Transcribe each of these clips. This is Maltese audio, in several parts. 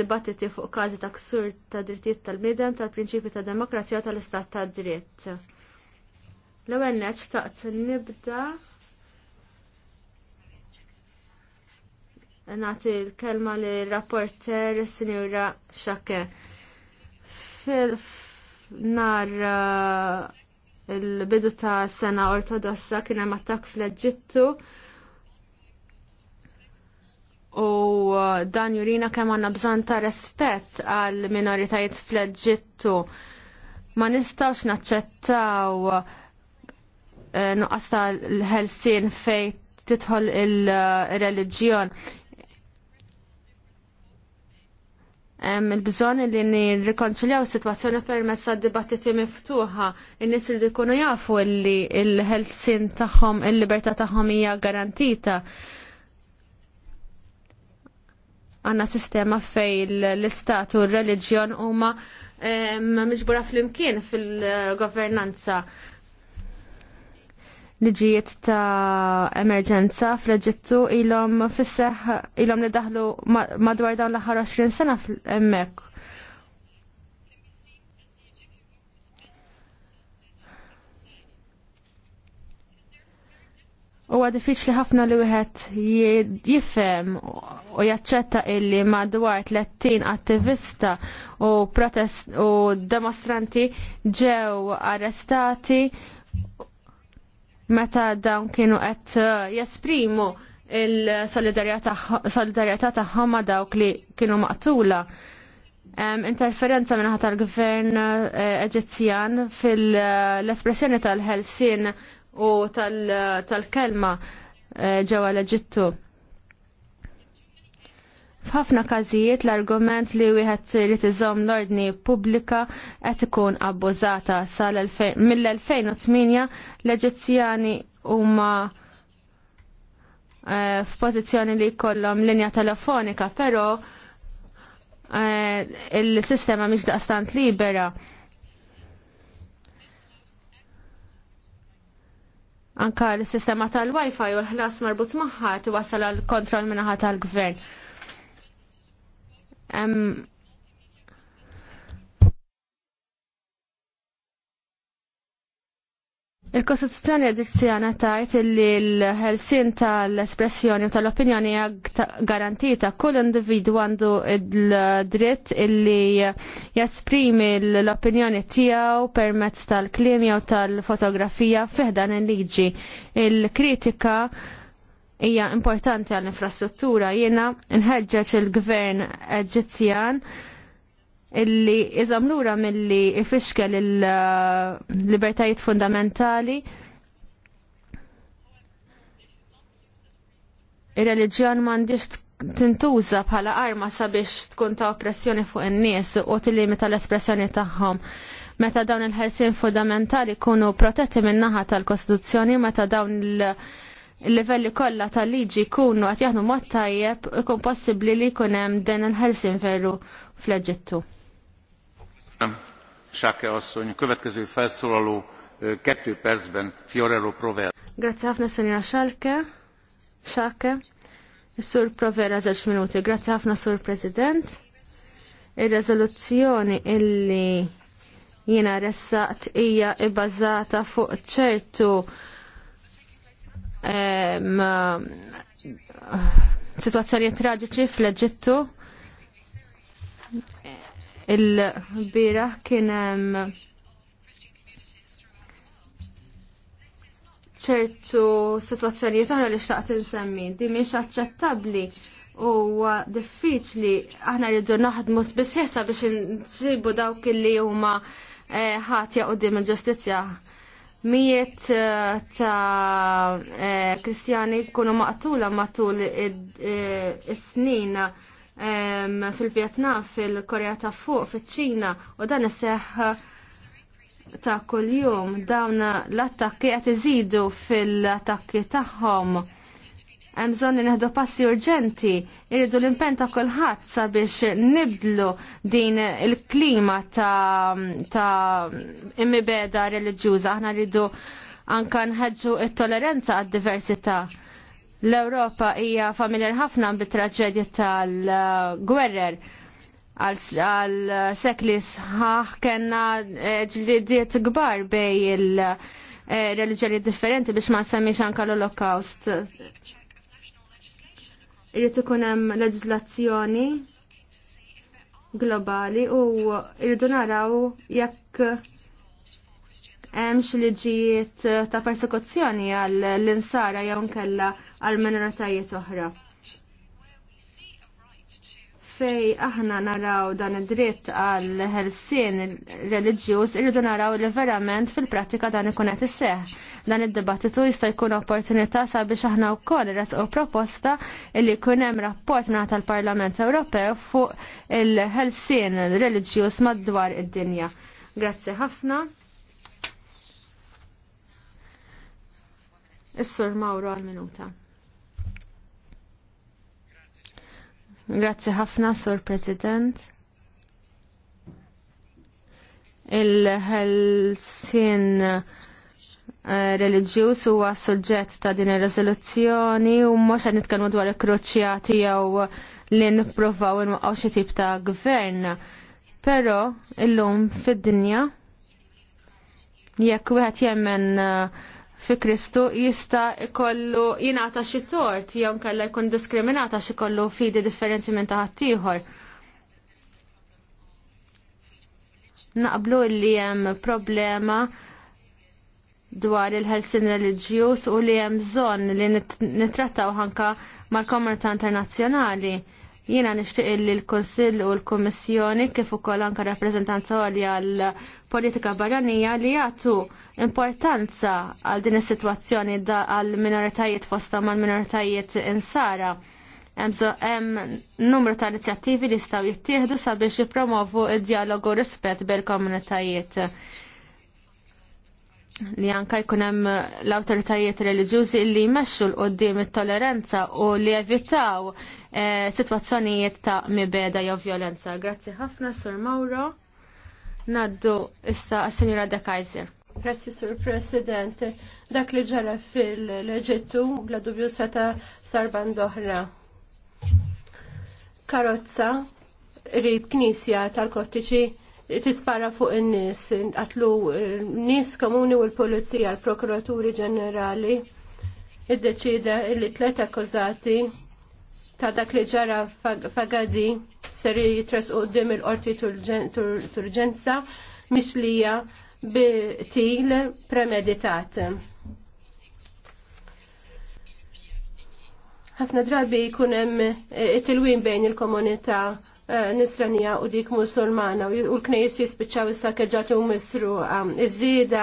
dibattiti fuq każi ta' ksur ta' drittijiet tal-bniedem tal-prinċipi ta' demokrazija u tal-istat ta' dritt. L-ewwel neġġ taqt nibda nagħti l-kelma li rapporter is-Sinjura Xake. Fil-nar uh, il-bidu ta' sena ortodossa kien hemm attakk fl-Eġittu u uh, dan jurina kemm għandna bżonn ta' rispett għal minoritajiet fl-Eġittu. Ma nistgħux naċċettaw uh, nuqqas tal-ħelsien fejn tidħol il-reliġjon. Hemm il bżon li nirrikonċiljaw is-sitwazzjoni permezz ta' dibattiti miftuħa. In-nies li jkunu jafu li l-ħelsien taħħom, il-libertà tagħhom hija garantita għanna sistema fej l-istat u r-reliġjon huma miġbura fl-imkien fil-governanza liġijiet ta' emerġenza fl-Eġittu ilhom fisseħ ilhom li daħlu madwar dawn l-aħħar 20 sena fl-emmek. Huwa diffiċli ħafna li wieħed jifhem u jaċċetta illi madwar 30 attivista u protest u demonstranti ġew arrestati meta dawn kienu qed uh, jesprimu il-solidarjetà tagħhom ma' dawk li kienu maqtula. Interferenza minnaħa tal-gvern uh, Eġizzjan fil-espressjoni uh, tal-ħelsin u tal-kelma eh, ġewwa l-Eġittu. F'ħafna każijiet l-argument li wieħed irid iżomm l-ordni pubblika qed ikun abbużata sal mill-2008 l-Eġizzjani huma eh, f'pożizzjoni li jkollhom linja telefonika, però eh, il-sistema mhix daqstant libera. Anka l-sistema tal-Wi-Fi u l-ħlas marbut maħħa tiwasal għal kontrol minnaħat tal-gvern. Il-Kostituzzjoni Eġizzjana tajt li l-ħelsin tal-espressjoni u tal-opinjoni garantita kull individu għandu id dritt illi jesprimi l-opinjoni tijaw permezz tal-klim jew tal-fotografija fiħdan il-liġi. Il-kritika hija importanti għall-infrastruttura jiena nħeġġeġ il-gvern Eġizzjan illi iżamlura milli ifixkel il-libertajiet uh, fundamentali ir-reliġjon m'għandix tintuża bħala arma sabiex tkun ta' oppressjoni fuq in-nies u tillimita l-espressjoni tagħhom. Meta dawn il-ħelsien fundamentali kunu protetti min-naħa tal-Kostituzzjoni, meta dawn il-livelli kollha tal-liġi jkunu qed jaħdmu mod tajjeb, ikun possibbli li jkun hemm din il-ħelsien veru fl-Eġittu. Sáke asszony, következő felszólaló kettő percben Fiorello Grazie ħafna Senjora Xalke. Xalke. Sur Provera żewġ minuti. Grazie ħafna Sur President. Ir-rezoluzzjoni illi jiena ressaqt hija ibbażata fuq ċertu ehm, situazzjoni traġiċi fl-Eġittu Il-biraħ kien hemm ċertu situazzjoni oħra li xtaqt insemmi, di mhix aċċettabbli u diffiċli aħna rridu naħdmu sbissessa biex nġibu dawk li huma eh, ħatja dim il-ġustizzja. Mijiet eh, ta' eh, kristjani kunu maqtula matul is-snin fil-Vjetnam, fil-Korea ta' fuq, fil-ċina u dan seħ ta' kuljum dawn l-attakki għat iżidu fil-attakki tagħhom. Hemm bżonn li neħdu passi urġenti, irridu l impen ta' kulħadd sabiex nibdlu din il-klima ta', ta immibeda reliġjuża. Aħna rridu anka nħeġġu it-toleranza għad-diversità L-Ewropa hija familjar ħafna bit-traġedja tal-gwerrer għal sekli sħaħ kena eh, ġlidiet gbar bej il eh, reliġjoni differenti biex ma nsemmix anka l-Holocaust. Irrid ikun hemm leġiżlazzjoni globali u irridu naraw jekk hemmx liġijiet ta' persekuzzjoni għal l-insara jew nkella għal minoritajiet oħra. Fej aħna naraw dan id-dritt għal ħelsien reliġjuż irridu naraw li verament fil-prattika dan ikun qed isseħ. Dan id-dibattitu jista' jkun opportunità sabiex aħna wkoll irasqu proposta li jkun hemm rapport mingħata tal-Parlament Ewropew fuq il-ħelsien reliġjuż madwar id-dinja. Grazzi ħafna. Is-Sur Mauro għal-minuta. Grazzi ħafna, Sur President. Il-ħelsin eh, reliġjuż huwa suġġett ta' din ir-riżoluzzjoni u mhux qed nitkellmu dwar ikkruċjati jew li nippruvaw inwaqgħu xi tip ta' gvern. Però illum fid-dinja jekk wieħed jemmen uh, fi Kristu jista' jkollu jingħata xi tort jew kellha jkun diskriminata xi kollu fidi differenti minn ta' ħaddieħor. Naqblu li hemm problema dwar il-ħelsin reliġjuż u li hemm bżonn li nittrattaw anke mal-komunità internazzjonali Jiena nishtiq li l-Konsill u l-Kommissjoni kif ukoll anke rappreżentanza għalja għal politika barranija li jagħtu importanza għal din is-sitwazzjoni għal minoritajiet fosta mal minoritajiet insara. Hemm numru ta' inizjattivi li jistgħu jittieħdu sabiex jippromovu d dialogu rispett bil-komunitajiet li anka jkun hemm l-awtoritajiet reliġjużi li jmexxu l qoddim it-toleranza u li evitaw eh, sitwazzjonijiet ta' mibeda jew vjolenza. Grazzi ħafna Sur Mauro. Naddu issa s-Sinjura De Kaiser. Grazzi Sur President. Dak li ġara fil leġittu bla dubju seta' sarban doħra. Karozza rib knisja tal-Kottiċi tispara fuq in-nies, qatlu eh, nis komuni u l-Pulizija, l-Prokuraturi Ġenerali iddeċida li tlet akkużati ta' dak li ġara fagadi ser jitresqu qudiem il-qorti turġenza mixlija bi til premeditat. Ħafna drabi jkun hemm eh, it-tilwin bejn il-komunità Eh, nisranija u dik musulmana u l-knejs jispiċċaw issa keġġati u misru iż żida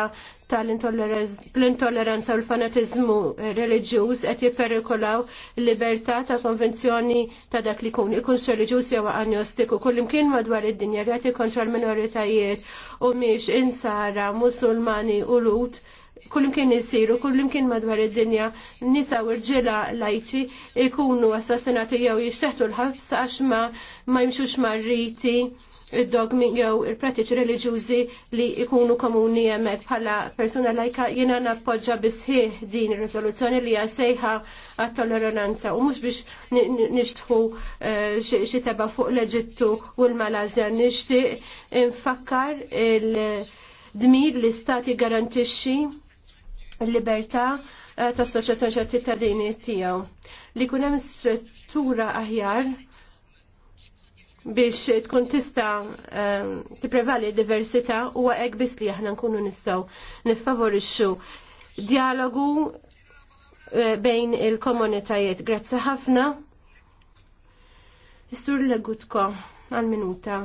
tal-intolleranza u l-fanatizmu eh, reliġjuż qed jipperikolaw il-libertà ta' konvenzjoni ta' dak li jkun ikunx religjuż jew agnostiku kullimkien madwar id-dinja li qed jikkontra l-minoritajiet u miex insara musulmani u lut kullimkien jisiru, kullimkien madwar id-dinja, nisa u rġila lajċi ikunu assassinati jew jixteħtu l-ħabs għax ma ma jimxux marriti id-dogmi jew il-pratiċi reliġjużi li ikunu komuni hemmhekk bħala persuna lajka jiena nappoġġa bisħieħ din ir-riżoluzzjoni li hija sejħa għat-tolleranza u mhux biex nixtħu eh, xi teba fuq l-Eġittu u l-Malazja nixtieq infakkar il- dmir li stati garantixxi l-libertà eh, tas soċjetà ċittadini tiegħu. Li jkun hemm struttura aħjar biex tkun tista eh, tipprevali diversità huwa hekk biss li aħna nkunu nistgħu niffavorixxu dialogu eh, bejn il-komunitajiet. Grazzi ħafna. sur Legutko għal-minuta.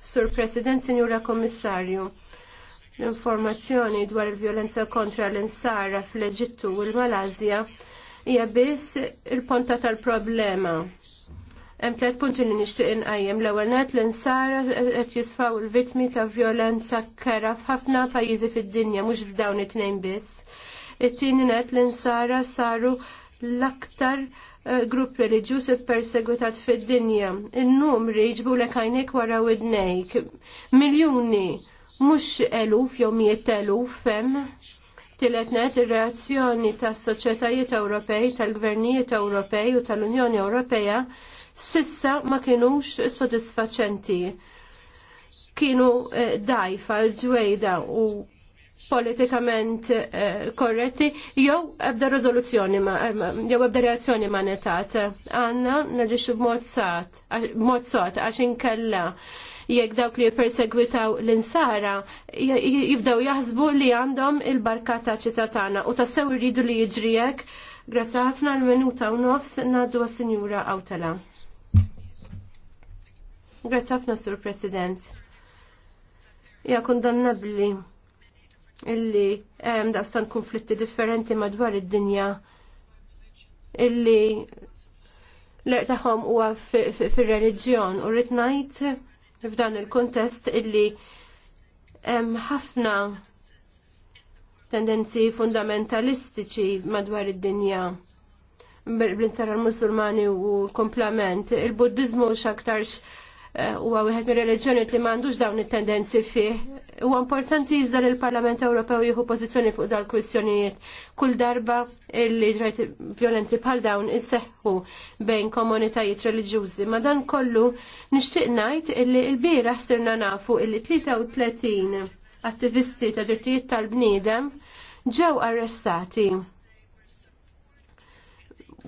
Sur President, Signora Kommissarju. L-informazzjoni dwar il-vjolenza kontra l-insara fl-Eġittu u l-Malazja hija biss il-ponta tal-problema. Hemm tliet punti li nixtieq inqajjem l-ewwel nett l-insara qed jisfaw il-vittmi ta' vjolenza kera f'ħafna pajjiżi fid-dinja mhux f'dawn it-tnejn biss. It-tieni nett l-insara saru l-aktar eh, grupp reliġjuż ipperseguitat fid-dinja. In-numri jġbu l wara widnejk. Miljuni mux eluf jew miet eluf fem tiletnet ir-reazzjoni tas soċjetajiet Ewropej, tal-gvernijiet Ewropej u tal-Unjoni Ewropea sissa ma kienux sodisfaċenti. Kienu eh, dajfa l-ġwejda u politikament eh, korretti jew ebda rezoluzzjoni eh, ma jew ebda reazzjoni ma netat. Għanna naġixxu b'mod sat, sot għax inkella jekk dawk li jippersegwitaw l-insara jibdew jaħsbu li għandhom il-barka ta' ċitatana tagħna u tassew rridu li jiġri hekk. ħafna l-minuta u nofs naddu għas-Sinjura Awtala. Grazzi ħafna, Sur President. Ja kondannabli illi hemm daqstan konflitti differenti madwar id-dinja illi l u huwa fir-reliġjon u rritnajt ngħid f'dan il-kontest illi hemm ħafna tendenzi fundamentalistiċi madwar id-dinja bl-insara musulmani u l il buddiżmu xaktarx Eh, huwa wieħed mir-reliġjoni li m'għandux dawn it-tendenzi fih. Huwa importanti iżda li l-Parlament Ewropew jieħu pożizzjoni fuq dal kwistjonijiet kull darba li ġrajt violenti bħal dawn isseħħu bejn komunitajiet reliġjużi. Ma dan kollu nixtieq ngħid illi l-bieraħ sirna nafu illi 33 attivisti ta' drittijiet tal-bniedem ġew arrestati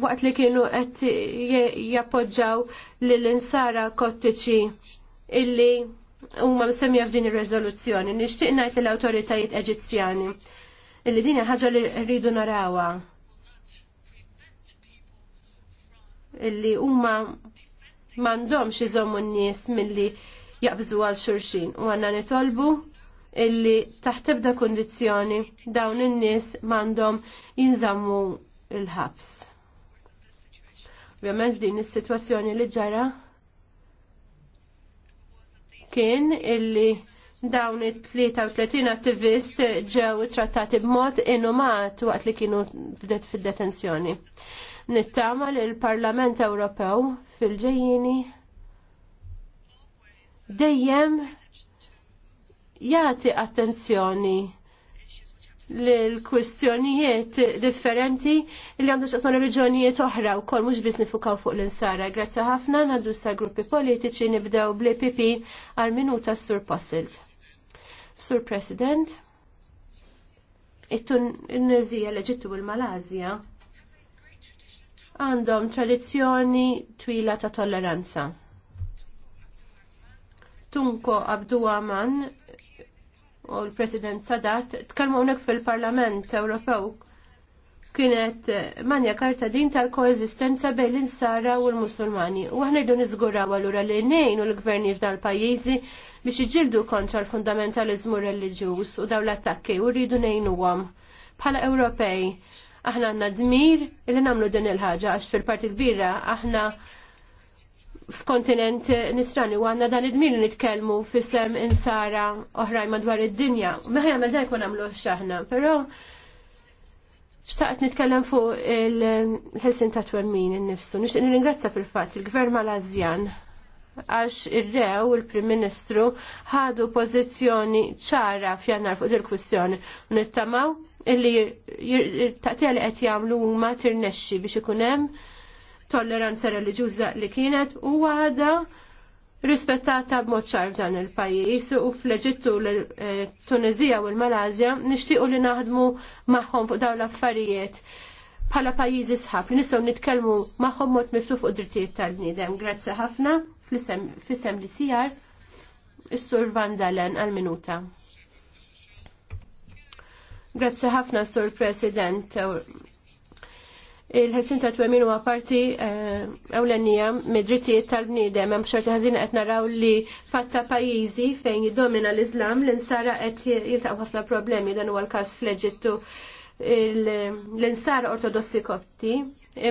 waqt li kienu qed jappoġġaw lil insara kottiċi illi huma msemmija f'din ir-reżoluzzjoni. Nixtieq ngħid lill awtoritajiet Eġizzjani illi din ħaġa li rridu narawha illi huma m'għandhomx iżommu n-nies milli jaqbżu għal xurxin u għanna nitolbu illi taħt ebda kundizzjoni dawn in-nies m'għandhom jinżammu il-ħabs. Ovvjament din is-sitwazzjoni li ġara kien illi dawn it-33 attivist ġew trattati b'mod inumat waqt li kienu fdet fid detenzjoni Nittama li l-Parlament Ewropew fil-ġejjini dejjem jagħti attenzjoni l-kwistjonijiet differenti li għandu xaqma reġjonijiet oħra u kol mux bizni nifukaw fuq l-insara. Grazie ħafna għandu sa gruppi politiċi nibdew bl-EPP għal minuta sur Possilt. Sur President, it tun n-nezija u l-Malazja għandhom tradizzjoni twila ta' tolleranza. Tunko Abdu Aman u l-President Sadat tkellmu hawnhekk fil-Parlament Ewropew kienet eh, manja karta din tal-koeżistenza bejn l-insara u l-Musulmani. U aħna rridu niżguraw allura li nejn u l-gvernijiet tal-pajjiżi biex iġildu kontra l-fundamentalizmu reliġjuż u daw l-attakki u rridu nejnuhom. Bħala Ewropej, aħna għandna dmir li nagħmlu din il-ħaġa għax fil-parti kbira aħna f'kontinent nisrani u għanna dan id-dmir nitkellmu fissem insara oħrajn madwar id-dinja. Meħi għamil dajk ma namlu xaħna, pero xtaqt nitkellem fuq il-ħelsin ta' twemmin il-nifsu. Nixtieq ringrazza fil-fatt il-Gvern mal-Azjan għax ir-rew il-Prim Ministru ħadu pożizzjoni ċara f'jannar fuq il-kwistjoni u nittamaw illi taqtija li qed jagħmlu huma tirnexxi biex ikun hemm tolleranza reliġjuża li kienet u għada rispettata b'mod ċar f'dan il-pajjiż u fl-Eġittu l-Tunizija u l-Malazja nixtiequ li naħdmu magħhom fuq dawn l-affarijiet bħala pajjiżi sħab li nistgħu nitkellmu magħhom mod miftuħ fuq drittijiet tal-bniedem. Grazzi ħafna fl-isem li sijar is-Sur Vandalen għal-minuta. Grazzi ħafna, Sur President il-ħelsin ta' twemmin huwa parti eh, ewlenija mid-drittijiet tal-bniedem hemm xorti ħażin qed naraw li fatta pajjiżi fejn jiddomina l-Iżlam l-insara qed jiltaqgħu ħafna problemi dan huwa l-każ fl-Eġittu l-insara ortodossi kopti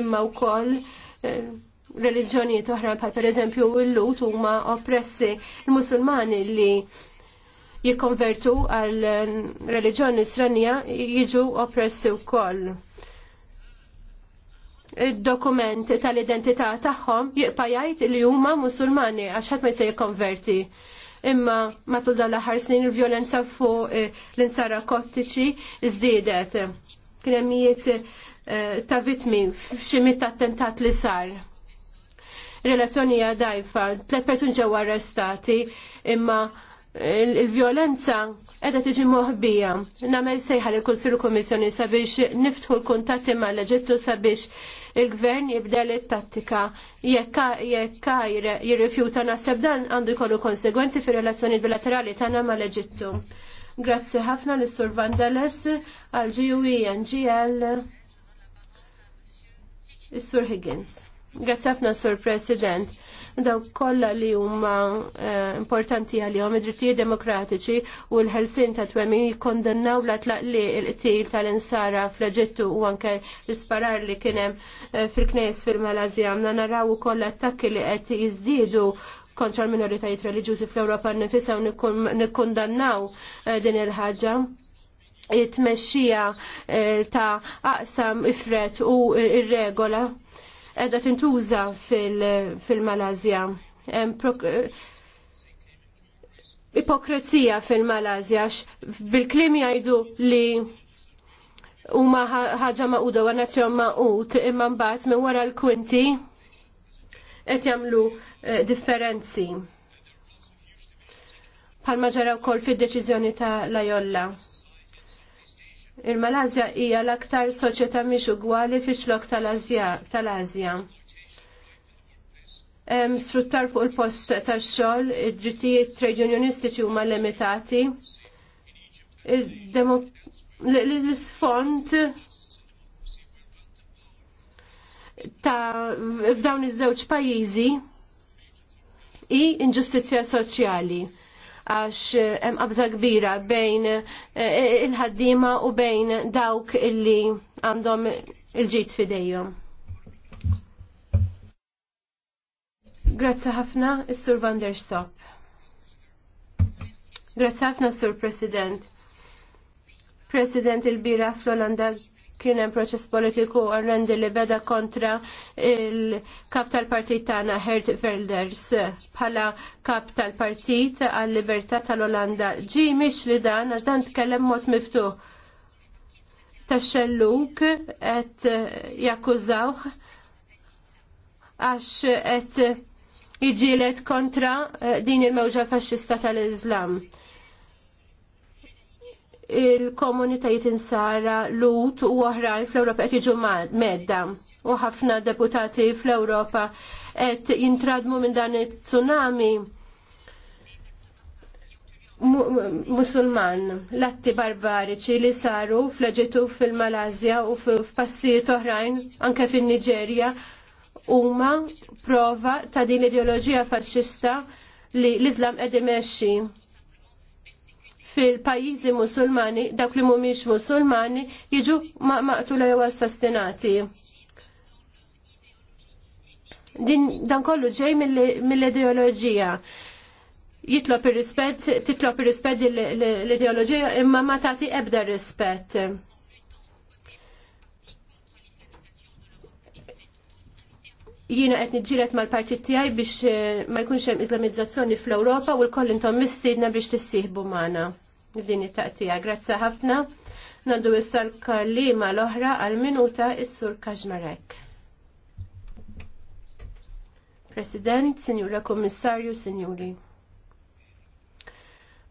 imma wkoll eh, reliġjonijiet oħra bħal pereżempju l-lut huma oppressi l-Musulmani li jikkonvertu għal reliġjoni sranija jiġu oppressi wkoll id-dokument tal-identità tagħhom jibqa' jgħid li huma Musulmani għax ħadd ma jista' jikkonverti. Imma matul dan l-aħħar snin il-vjolenza fuq eh, l-insara kottiċi żdiedet. Kien hemm eh, ta' vitmi f'xi mit attentat li sar relazzjoni hija dajfa, tliet persuni ġew arrestati, imma il vjolenza qiegħda tiġi moħbija. Nagħmel sejħa li kull kummissjoni sabiex niftħu l-kuntatti mal-Eġittu sabiex il-gvern jibdel it-tattika jekk jirrifjuta naħseb dan għandu jkollu konsegwenzi fir relazzjoni bilaterali tagħna mal-Eġittu. Grazzi ħafna lis sur Vandales għal GUENGL is-Sur Higgins. Grazzi ħafna Sur President daw kollha li huma eh, importanti għalihom id-drittijiet demokratiċi u l-ħelsin ta' twemmi jikkondannaw l-atlaq li l-qtil tal-insara fl-Eġittu u anke l-isparar li kien hemm eh, fil-knejs fil-Malazja għamna naraw ukoll attakki li qed jiżdiedu kontra l-minoritajiet religjużi fl-Ewropa nifisa u nikkondannaw eh, din il-ħaġa it-tmexxija ta' aqsam ifret u ir-regola edha tintuża fil-Malazja. Eh, Ipokrezija fil-Malazja, bil-klim jgħidu li huma ħaġa maquda wa nazzjon maqut imma mbagħad minn wara l-kwinti qed jagħmlu eh, differenzi. Palma ġara wkoll fid-deċiżjoni ta' Lajolla. Il-Malazja hija l-aktar soċjetà mhix ugwali fix-xlok tal-Asja. Sfruttar fuq il-post tax-xogħol, id-drittijiet trade unionistiċi huma limitati. L-isfond ta' f'dawn iż-żewġ pajjiżi i inġustizzja soċjali għax eh, hemm qabża kbira bejn eh, eh, il-ħaddiema u bejn dawk illi għandhom il-ġid fidejhom. Grazzi ħafna, is-Sur Van der Stop. Grazzi ħafna, Sur President. President il-bira fl-Olanda kien hemm proċess politiku orrendi li beda kontra il-kap tal-partit tagħna Hert Velders bħala kap tal-partit għal-libertà tal-Olanda. Ġi mhix li dan għax dan tkellem mod miftuħ tax-xelluk qed jakkużawh għax qed iġielet kontra eh, din il-mewġa faxxista tal-Iżlam il-komunitajiet insara lut u oħrajn fl-Ewropa qed jiġu medda u ħafna deputati fl-Ewropa qed jintradmu minn dan it-tsunami musulman, l-atti barbariċi li saru fl-Eġittu fil-Malazja u f'passijiet oħrajn anke fin-Niġerja huma prova ta' din l-ideoloġija faxxista li l-Islam qed imexxi fil-pajjiżi musulmani dak li mhumiex musulmani jiġu maqtula jew assassinati. Din dan kollu ġej mill-ideoloġija. Jitlob ir-rispett, titlob ir-rispett l-ideoloġija imma ma tagħti ebda rispett. jina qed niġġieled mal-partit tiegħi biex eh, ma jkunx hemm Islamizzazzjoni fl-Ewropa u l-koll intom mistiedna biex tissieħbu magħna din it-taqtija. Grazzi ħafna. Nandu issa l-kallima l-oħra għal-minuta is-sur Kaxmarek. President, Sinjura Kommissarju, Sinjuri.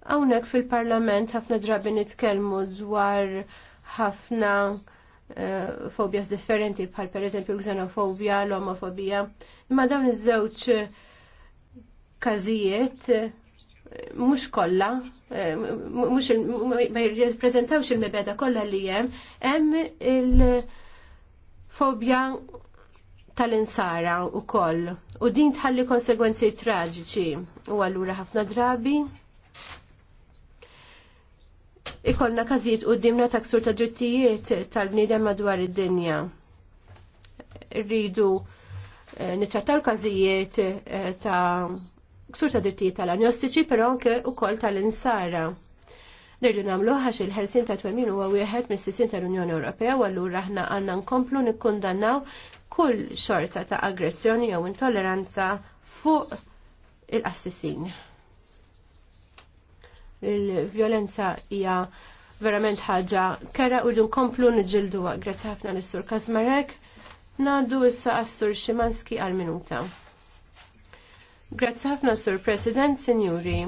Hawnhekk fil-Parlament ħafna drabi nitkellmu dwar ħafna uh, eh, fobjas differenti bħal pereżempju l-xenofobja, l-omofobija. Imma dawn iż-żewġ każijiet mux kolla, eh, mux ma jirreprezentawx il-mibeda kolla li jem, jem il-fobja tal-insara u koll. U din tħalli konsegwenzi traġiċi u għallura ħafna drabi. Ikolna kazijiet u dimna ta' ksur ta' ġittijiet tal-bnidem madwar id-dinja. Rridu eh, nitrattaw kazijiet eh, ta' ksur ta' dirti tal-agnostiċi, però anke kol tal-insara. Nerġu nagħmlu ħax il-ħelsin ta' twemmin huwa wieħed mis-sisin tal-Unjoni Ewropea u allura għanna għandna nkomplu nikkundannaw kull xorta ta' aggressjoni jew intolleranza fuq il assisin Il-vjolenza hija verament ħaġa kera u nkomplu nġildu grazzi ħafna l-sur Kazmarek. naddu issa għassur sur Ximanski għal-minuta. Grazzi ħafna, Sur President, Sinjuri.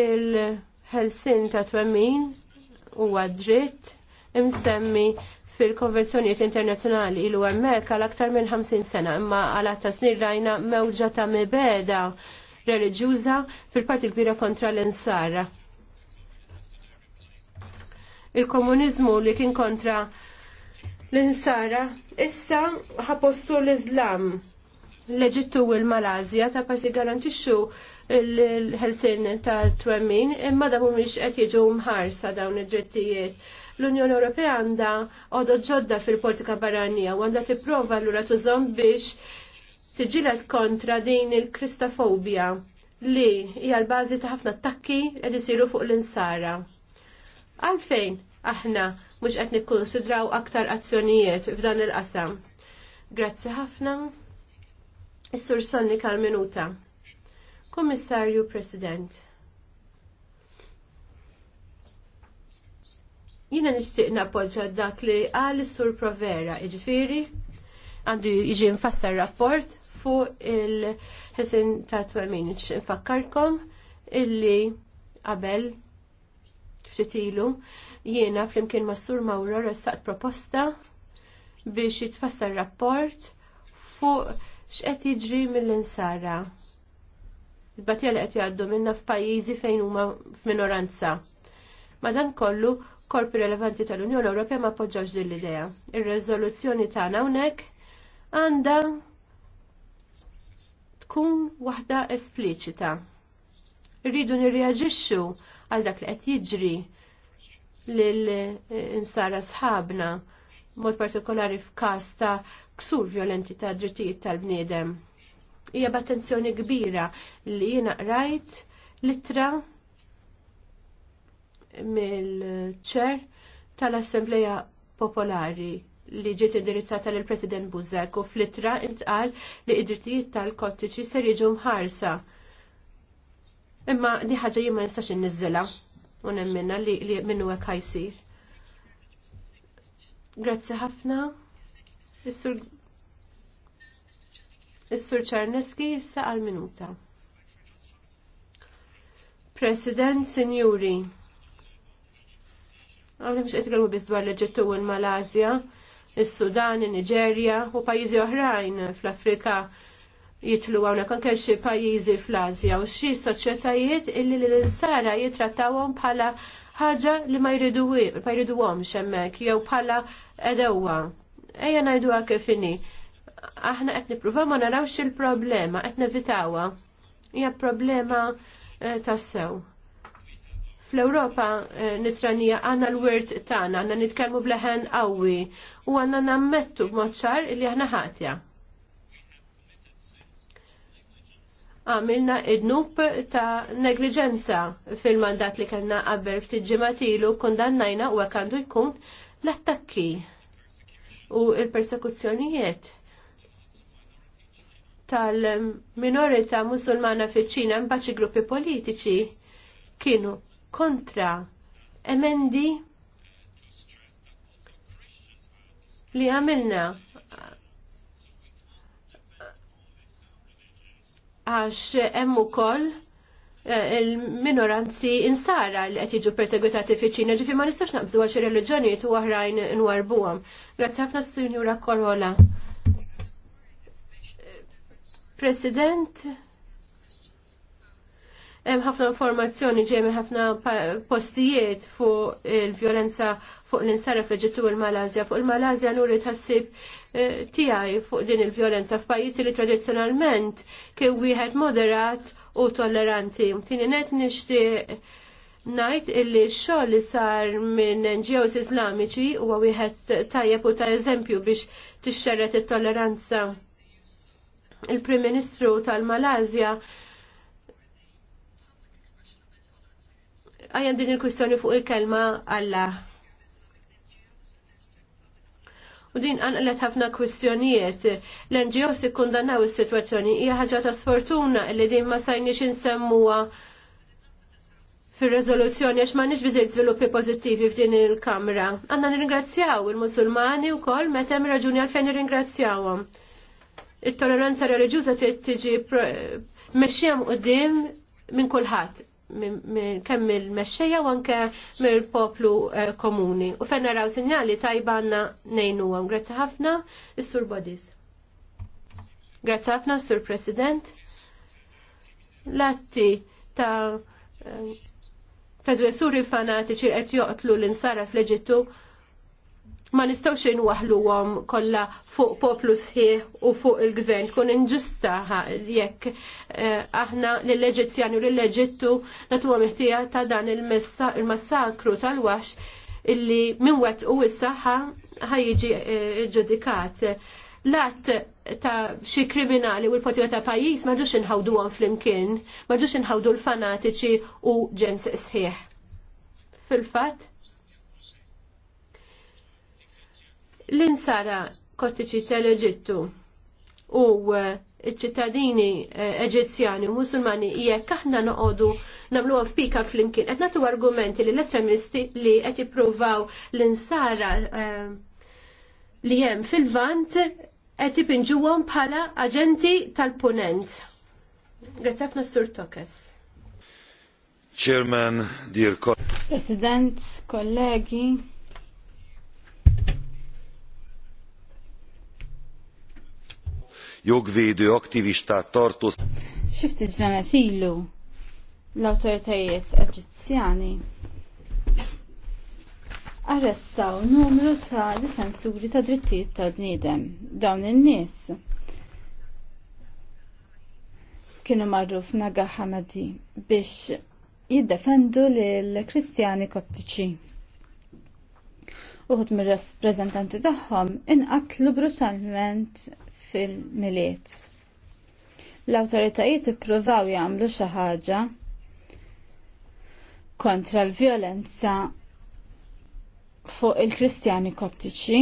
Il-ħelsin ta' twemmin huwa dritt imsemmi fil-konvenzjonijiet internazzjonali il hemmhekk għal aktar minn 50 sena, imma għal ta' snin rajna mewġa ta' mibeda reliġjuża fil-parti kbira kontra l-insara. Il-komuniżmu li kien kontra l-insara issa ħapostu l-Iżlam l-Eġittu l-Malazja ta' parti garantixxu l-ħelsin tal-twemmin imma da mhumiex qed jiġu mħarsa dawn id-drittijiet. L-Unjoni Ewropea għandha għodod ġodda fil-politika barranija u għandha tipprova allura tużhom biex tiġilet kontra din il-kristafobja li hija l-bażi ta' ħafna attakki qed isiru fuq l-insara. Għalfejn aħna mhux qed nikkonsidraw aktar azzjonijiet f'dan il-qasam. Grazzi ħafna. Is-sur Sanni kal-minuta. Kommissarju President. Jina nishtiq nappoġġa dak li għal is-sur Provera, iġifiri, għandu jiġi nfassar rapport fuq il-ħesin ta' twemmin. Nfakkarkom illi qabel ftit jiena flimkien ma' sur Mawra ressaqt proposta biex jitfassar rapport fuq x'qed jiġri mill-insara. Il-batija qed jgħaddu minna f'pajjiżi fejn huma f'minoranza. Madankollu, korpi rilevanti tal-Unjoni Ewropea ma appoġġawx din l-idea. Ir-reżoluzzjoni tagħna hawnhekk għandha tkun waħda espliċita. Irridu nirreaġixxu għal dak li qed jiġri lil insara sħabna mod partikolari f'każ ta' ksur violenti ta' drittijiet tal-bniedem. Hija b'attenzjoni kbira li jiena rajt litra mill-ċer tal-Assembleja Popolari li ġiet indirizzata lill president Buzek u flittra intqal li id-drittijiet tal-kottiċi ser jiġu mħarsa. Imma di ħaġa jien ma nistax inniżilha u nemminna li, li minnu hekk ħajsir Grazzi ħafna. Is-Sur Czarneski issa għal minuta. President Sinjuri. Għamli biex għetgħalmu bizdwar l-ġettu malazja il-Sudan, il-Nigeria u pajizi oħrajn fl-Afrika jitlu għawna kan xi pajizi fl-Azja u xi soċjetajiet illi l-insara jitrattawhom bħala ħaġa li ma jridu għom xemmek jew bħala edewa. Ejja najdu għak fini. Aħna qed nippruvaw ma narawx il-problema, qed vitawa. Hija problema eh, tassew. Fl-Ewropa eh, nisranija għanna l-wirt tagħna, għanna nitkellmu bleħen qawwi u għanna nammettu b'mod il li aħna ħatja. Għamilna id-nup ta' negliġenza fil-mandat li kellna qabel ftit ġimatilu kundannajna u għakandu jkun L-attakki u il-persekuzzjonijiet tal-minorita musulmana fiċ-Ċina mbaċi gruppi politiċi kienu kontra emendi li għamilna għax hemm ukoll Eh, il-minoranzi insara li qed jiġu persegwitati fi ċina ġifi ma nistax naqbżu għal xi reliġjonijiet u oħrajn nwarbuhom. Grazzi ħafna Sinjura Korola. President, hemm ħafna informazzjoni ġej minn ħafna postijiet fuq il-vjolenza fuq l-insara fl-Eġittu u l-Malazja. Fuq il-Malazja nuri tħassib eh, tiegħi fuq din il-vjolenza f'pajjiżi li tradizzjonalment kien wieħed moderat u tolleranti. Tini net nishti najt illi xoll li sar minn NGOs islamiċi u għawihet tajjeb u ta' eżempju biex tixxerret it-tolleranza. Il-Prim Ministru tal-Malazja għajan din il-kwistjoni fuq il-kelma Alla u din għanqlet ħafna kwistjonijiet. l si ikkundannaw is-sitwazzjoni hija ħaġa ta' sfortuna li din ma sajniex insemmuha fil-rezoluzzjoni għax m'għandniex biżejt żviluppi pożittivi f'din il-Kamra. Għandna nirringrazzjaw il-Musulmani wkoll meta hemm raġuni għalfejn nirringrazzjawhom. It-toleranza reliġjuża tiġi u quddiem minn kulħadd kemm il mexxejja u anke mill-poplu eh, komuni. U fejn naraw sinjali tajba għandna ngħinuhom. Grazzi ħafna, is-Sur Bodis. Grazzi ħafna, Sur President. Latti ta' eh, Fezwessuri fanatiċi qed joqtlu l-insara fl ġittu ma nistawx inwaħluhom kollha fuq poplu sħiħ u fuq il-gvern kun inġusta jekk eh, aħna lill-Eġizzjani u lill-Eġittu nagħtuha meħtija ta' dan il-massakru tal-wax illi minn wet u is-saħħa ħajjiġi eh, ġudikat. Lat ta' xi kriminali u l-potira ta' pajjiż ma ġux inħawduhom flimkien, ma ġux inħawdu l-fanatiċi u ġens sħiħ. Fil-fatt, L-insara kottiċi tal-Eġittu u eh, ċittadini eh, eġizzjani u musulmani jekk aħna noqogħdu nagħmluha f'pika flimkien qed nagħtu argumenti li l-estremisti li qed jippruvaw l-insara eh, li hemm fil-vant qed jipinġuhom bħala aġenti tal-punent. Grazzi ħafna Sur Tokes. Chairman, dear President, kollegi, jogvédő aktivistát tartóztattak. Xifti ġranet ilu l-autoritajiet eġizzjani arrestaw numru ta' difensuri ta' drittijiet tal-bniedem dawn in-nies. Kienu marru f'Naga Hamadi biex jiddefendu lill Kristjani Kottiċi. Uħut mir-rappreżentanti tagħhom inqatlu brutalment fil-miliet. L-awtoritajiet ippruvaw jagħmlu xi ħaġa kontra l-vjolenza fuq il-Kristjani Kottiċi.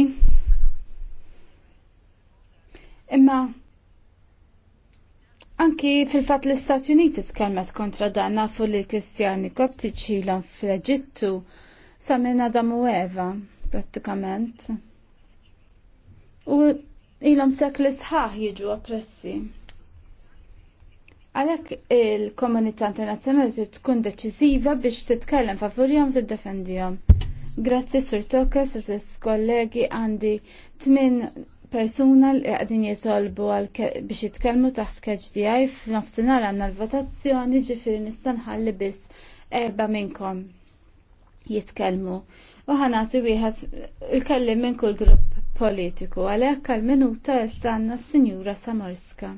Imma Anki fil fatt l-Istati Uniti tkellmet kontra dan nafu li kristjani l-hom fl-Eġittu Adam u Eva, prattikament. U ilhom sekli sħaħ jiġu oppressi. Għalhekk il-komunità internazzjonali trid tkun deċiżiva biex titkellem favorihom tiddefendihom. Grazzi Sur Tokas, s kollegi għandi tmin persuna li għadin jisolbu biex jitkellmu taħt KHDI f'nofsinhar għandna l-votazzjoni ġifieri nistanħalli biss erba' minnkom jitkellmu. U ħanati wieħed ikellim minn kull grupp politiku għalhekk għal minuta issa għandna s-Sinjura Samorska.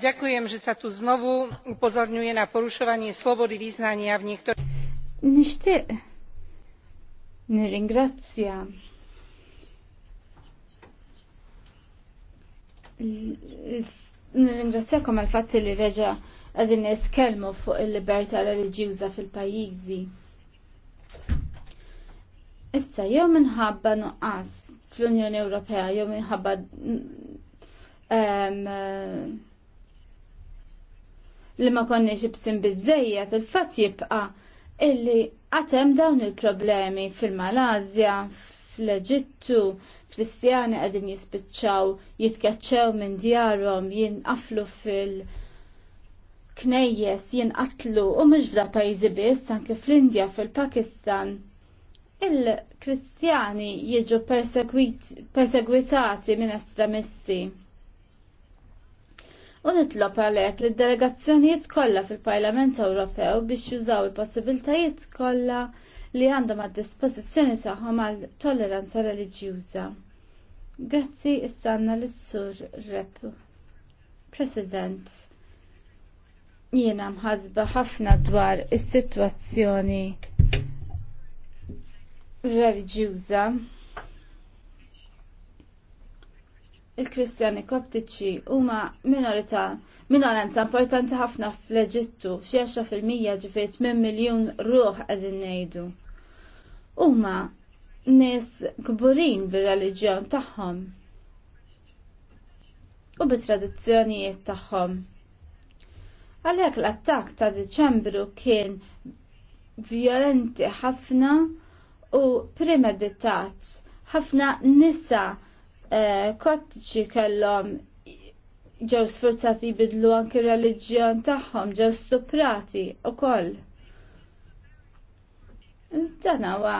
Dziękuję, e, że sa tu znowu upozorniuje na poruszowanie swobody wyznania w niektórych... Nishtiq. Nirringrazzja. Nirringrazzjakom għal fatti li reġa' għadin niskelmu fuq il-libertà reliġjuża fil pajizi Issa jew minħabba nuqqas fl-Unjoni Ewropea jew minħabba li ma konniex xibsim bizzejja, il-fatt jibqa' illi għatem dawn il-problemi fil-Malazja, fl-Eġittu, kristjani għadin jispiċċaw, jitkaċċew minn djarhom, jinqaflu fil- knejjes jinqatlu u mhux f'da pajjiżi biss anke fl-Indja fil-Pakistan il-Kristjani jiġu persegwitati minn estremisti. U nitlob għalhekk li d-delegazzjonijiet kollha fil-Parlament Ewropew biex jużaw il-possibiltajiet kollha li għandhom għad dispożizzjoni tagħhom għal tolleranza reliġjuża. Grazzi istanna l-Sur Rep. President, jiena mħazba ħafna dwar is-sitwazzjoni reliġjuża il-Kristjani Koptiċi huma minorità minoranza importanti ħafna fl-Eġittu xi fil-mija ġifiet minn miljun ruħ qegħdin ngħidu. Huma nies kburin bir-reliġjon tagħhom u bit-tradizzjonijiet tagħhom. Għalhekk l-attakk ta' Diċembru kien vjolenti ħafna u premeditat. Ħafna nisa eh, kottiċi kellhom ġew sforzati jbidlu anki reliġjon tagħhom ġew stuprati ukoll. Dan huwa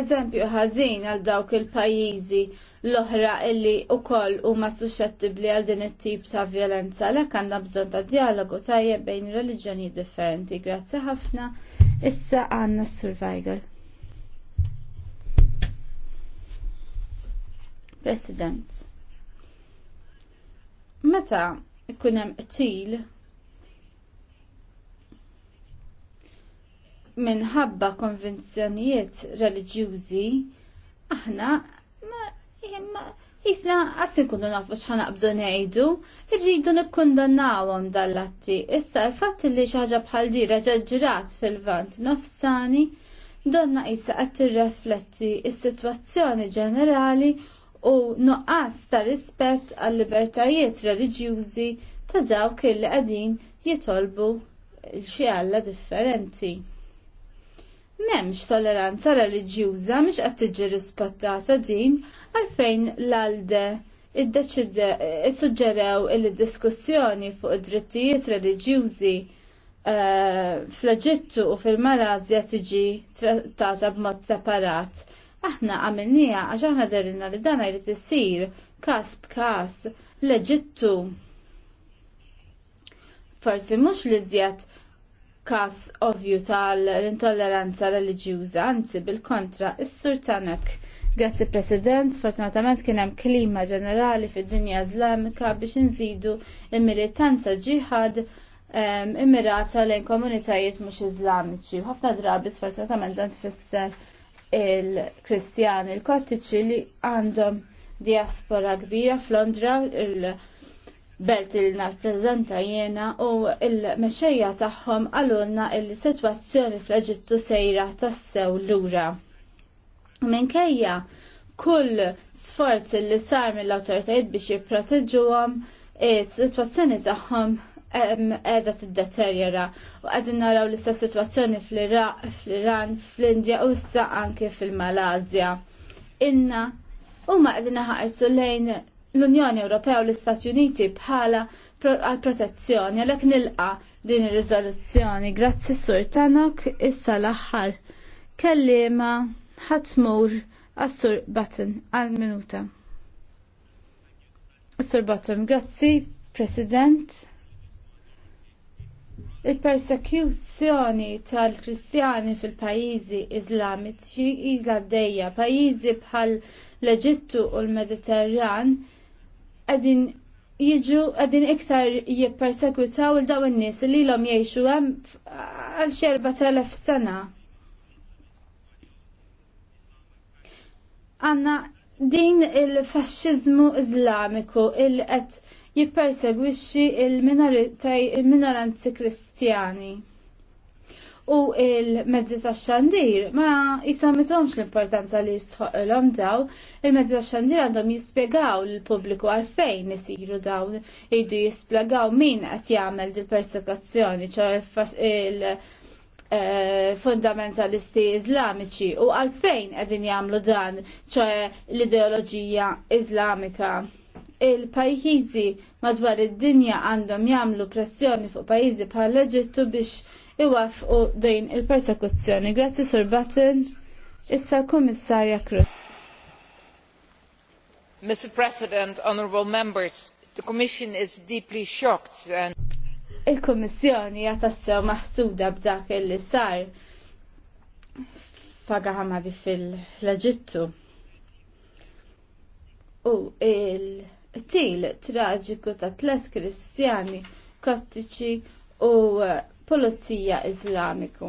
eżempju ħażin għal dawk il-pajjiżi l-oħra illi wkoll huma suscettibbli għal din it-tip ta' violenza l għandna bżonn ta' dialogu tajjeb bejn reliġjoni differenti. Grazzi ħafna. Issa għandna survival. President. Meta ikun hemm qtil minħabba konvenzjonijiet reliġjużi aħna Imma jisna għassin kunu nafu għabdu nejdu, irridu nikkundannawhom dal-latti. Issa il fatt li xaġa bħal dira ġaġġirat fil-vant nofsani, donna issa qed tirrefletti il sitwazzjoni ġenerali u nuqqas ta' rispett għal libertajiet reliġjużi ta' dawk li qegħdin jitolbu xi alla differenti. M'hemmx tolleranza reliġjuża mhix qed tiġi rispettata din għalfejn l-alde iddeċidew il-diskussjoni fuq id-drittijiet reliġjużi eh, fl-Eġittu u fil-Malazja tiġi trattata b'mod separat. Aħna għamilnija għax aħna derilna li dan jrid isir kas b'każ l-Eġittu. Forsi mhux li żjed kas ovju tal-intolleranza reliġjuża, anzi bil-kontra, is-sur tanak. Grazzi President, sfortunatament kien hemm klima ġenerali fid-dinja Islamika biex inżidu il-militanza ġihad immirata lejn komunitajiet mhux Iżlamiċi. Ħafna drabi sfortunatament dan tfisser il-Kristjani, il-Kottiċi li għandhom diaspora kbira f'Londra, il belt il prezenta jena u il-mexxejja tagħhom għalulna il-sitwazzjoni fl-Eġittu sejra tassew lura. Minkejja kull sforz li sar mill-awtoritajiet biex jipproteġuhom is-sitwazzjoni tagħhom qiegħda tiddeterjera u qegħdin naraw l-istess sitwazzjoni fl-Iraq, fl-Iran, fl-Indja u issa anke fil-Malazja. Inna huma qegħdin ħarsu lejn l-Unjoni Ewropea u l-Istati Uniti bħala għal protezzjoni għalhekk nilqa din ir-riżoluzzjoni. Grazzi Sur Tanok issa l-aħħar kellima ħatmur għas-Sur Button għal minuta. Sur Button, grazzi President. Il-persekuzjoni tal-Kristjani fil-pajizi Islamiċi ilha dejja, pajizi bħal l-Eġittu u l-Mediterran għadin jiġu għadin iktar jippersekutaw il-daw n-nis li l-om jiexu għal xerba tal-ef sena. Għanna din il-fasċizmu izlamiku il-qed jippersegwixxi il-minoranzi kristjani u il-mezzi ta' xandir ma jisammitomx l-importanza li jistħolom daw, il-mezzi ta' xandir għandhom jispjegaw l-pubbliku għalfejn isiru dawn, idu jispjegaw min qed jagħmel di persekuzzjoni ċo il- eh, fundamentalisti iżlamiċi u għalfejn qegħdin jagħmlu dan ċo l-ideoloġija iżlamika. Il-pajjiżi madwar id-dinja għandhom jagħmlu pressjoni fuq pajjiżi bħal-Eġittu biex iwafqu din il-persekuzzjoni. Grazzi Sur Batten, issa Kummissarja Cruz. Mr. President, honorable members, the Commission is deeply shocked and il-Kommissjoni jatassew maħsuda b'dak li sar fagħama di fil-Eġittu. U il-til traġiku ta' tlet kristjani kottiċi u Polizija Iżlamiku.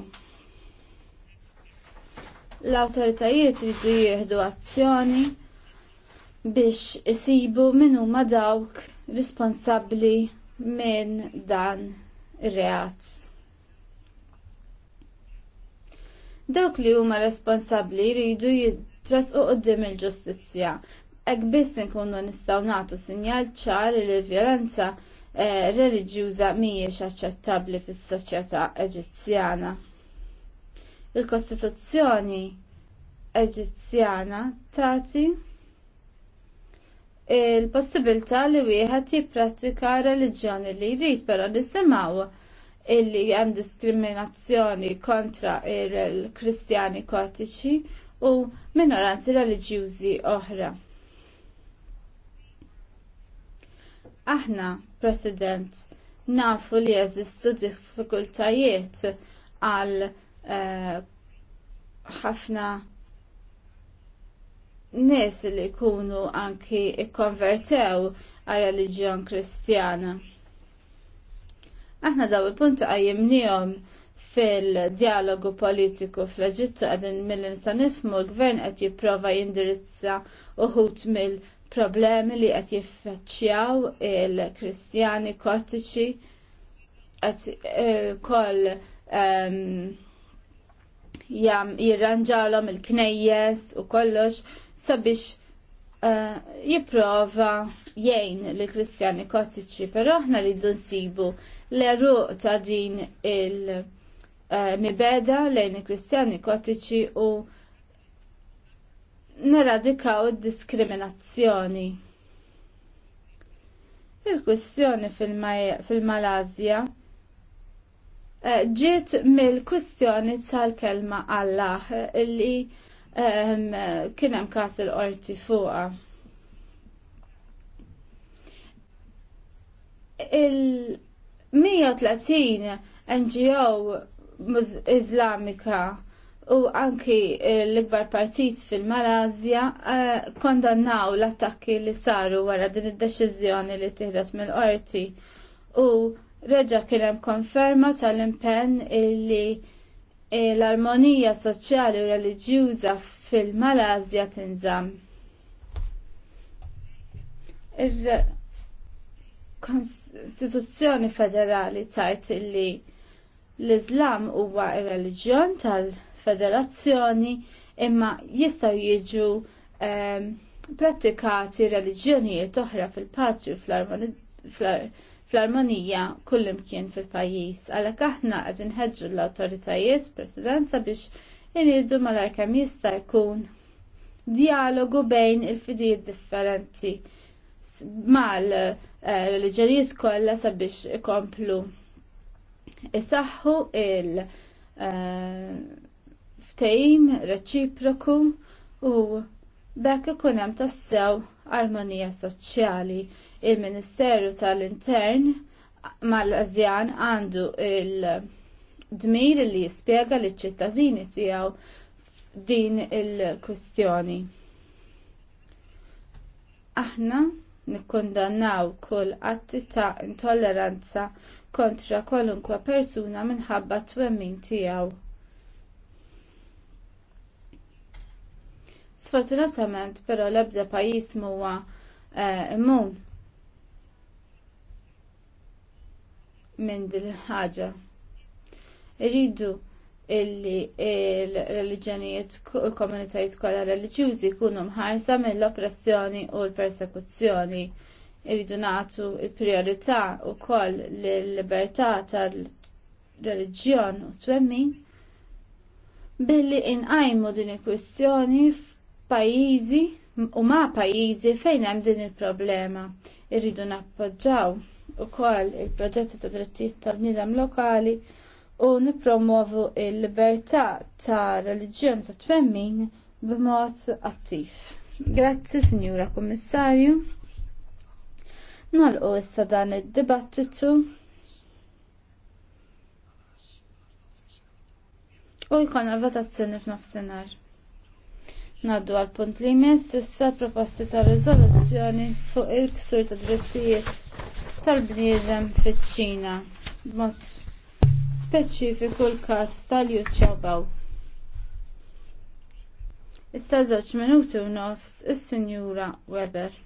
L-awtoritajiet jridu jieħdu azzjoni biex isibu min huma dawk responsabbli minn dan ir-reat. Dawk li huma responsabbli jridu jitrasqu qudiem il-ġustizzja. Ek biss nkunu nistgħu nagħtu sinjal ċar li l-vjolenza Eh, reliġjuża mhijiex aċċettabbli fis-soċjetà Eġizzjana. Il-Kostituzzjoni Eġizzjana tagħti il-possibilità li wieħed jipprattika reliġjoni li jrid però nisimgħu illi hemm diskriminazzjoni kontra il-Kristjani Kotiċi u minoranzi reliġjużi oħra. Aħna President, nafu li jeżistu diffikultajiet għal eh, ħafna uh, nies li jkunu anki ikkonvertew għal reliġjon kristjana. Aħna daw il puntu għajimnijom fil-dialogu politiku fl-Eġittu għadin mill-insa nifmu l-gvern qed jipprova jindirizza uħut mill problemi li qed jiffaċċjaw il-Kristjani Kottiċi qed eh, koll ehm, jirranġawlhom il-knejjes u kollox sabiex eh, jipprova jgħin li kristjani kottiċi, però aħna rridu nsibu l-eruq ta' din il-mibeda eh, lejn il-Kristjani kottiċi u neradikaw diskriminazzjoni. Il-kwistjoni fil-Malazja eh, ġiet mill-kwistjoni tal-kelma Allah illi ehm, kien hemm il-qorti fuqha. Il-130 NGO Islamika u anki l-ikbar partit fil-Malazja eh, kondannaw l-attakki li saru wara din id-deċiżjoni li tieħdet mill-qorti u reġa' kien hemm konferma tal-impenn illi eh, l-armonija soċjali u reliġjuża fil-Malazja tinżamm. Il-Konstituzzjoni Federali tajt li l-Iżlam huwa ir-reliġjon tal- federazzjoni imma jistaw jiġu um, ehm, pratikati reliġjonijiet oħra fil-paċi fl-armonija kullimkien fil-pajjiż. Għalhekk aħna qed inħeġġu l-awtoritajiet presidenza biex iridu mal arkam jista' jkun dialogu bejn il-fidijiet differenti mal-reliġjonijiet eh, kollha sabiex ikomplu isaħħu il- uh, ftehim reċiproku u bekk ikun hemm tassew armonija soċjali. Il-Ministeru tal-Intern mal-Azjan għandu il-dmir li jispjega liċ ċittadini tiegħu din il-kwistjoni. Aħna nikkondannaw kull atti ta' intolleranza kontra kwalunkwe persuna minħabba twemmin tiegħu. Sfortunatament, però l-ebda pajjiż huwa eh, immun minn din ħaġa. Irridu illi il-reliġjonijiet u l-komunitajiet kollha reliġjużi jkunu mħarsa mill-oppressjoni u l-persekuzzjoni. Irridu nagħtu l-prijorità wkoll lill-libertà tal-reliġjon u twemmin billi inqajmu din il-kwistjoni pajizi u ma pajizi fejn hemm din il-problema. Irridu nappoġġaw ukoll il-proġetti ta' drittijiet tal-bniedem lokali u nipromovu il-libertà ta' reliġjon ta' twemmin b'mod attiv. Grazzi, Signora Kummissarju. Nalqu issa dan id-dibattitu u jkollna votazzjoni f'nofsinhar. Naddu għal punt li jmiss issa proposti ta' riżoluzzjoni fuq il-ksur ta' drittijiet tal-bniedem fiċ-Ċina. b'mod speċifiku l-każ tal-Juċċabaw. Issa żewġ minuti u nofs is-Sinjura Weber.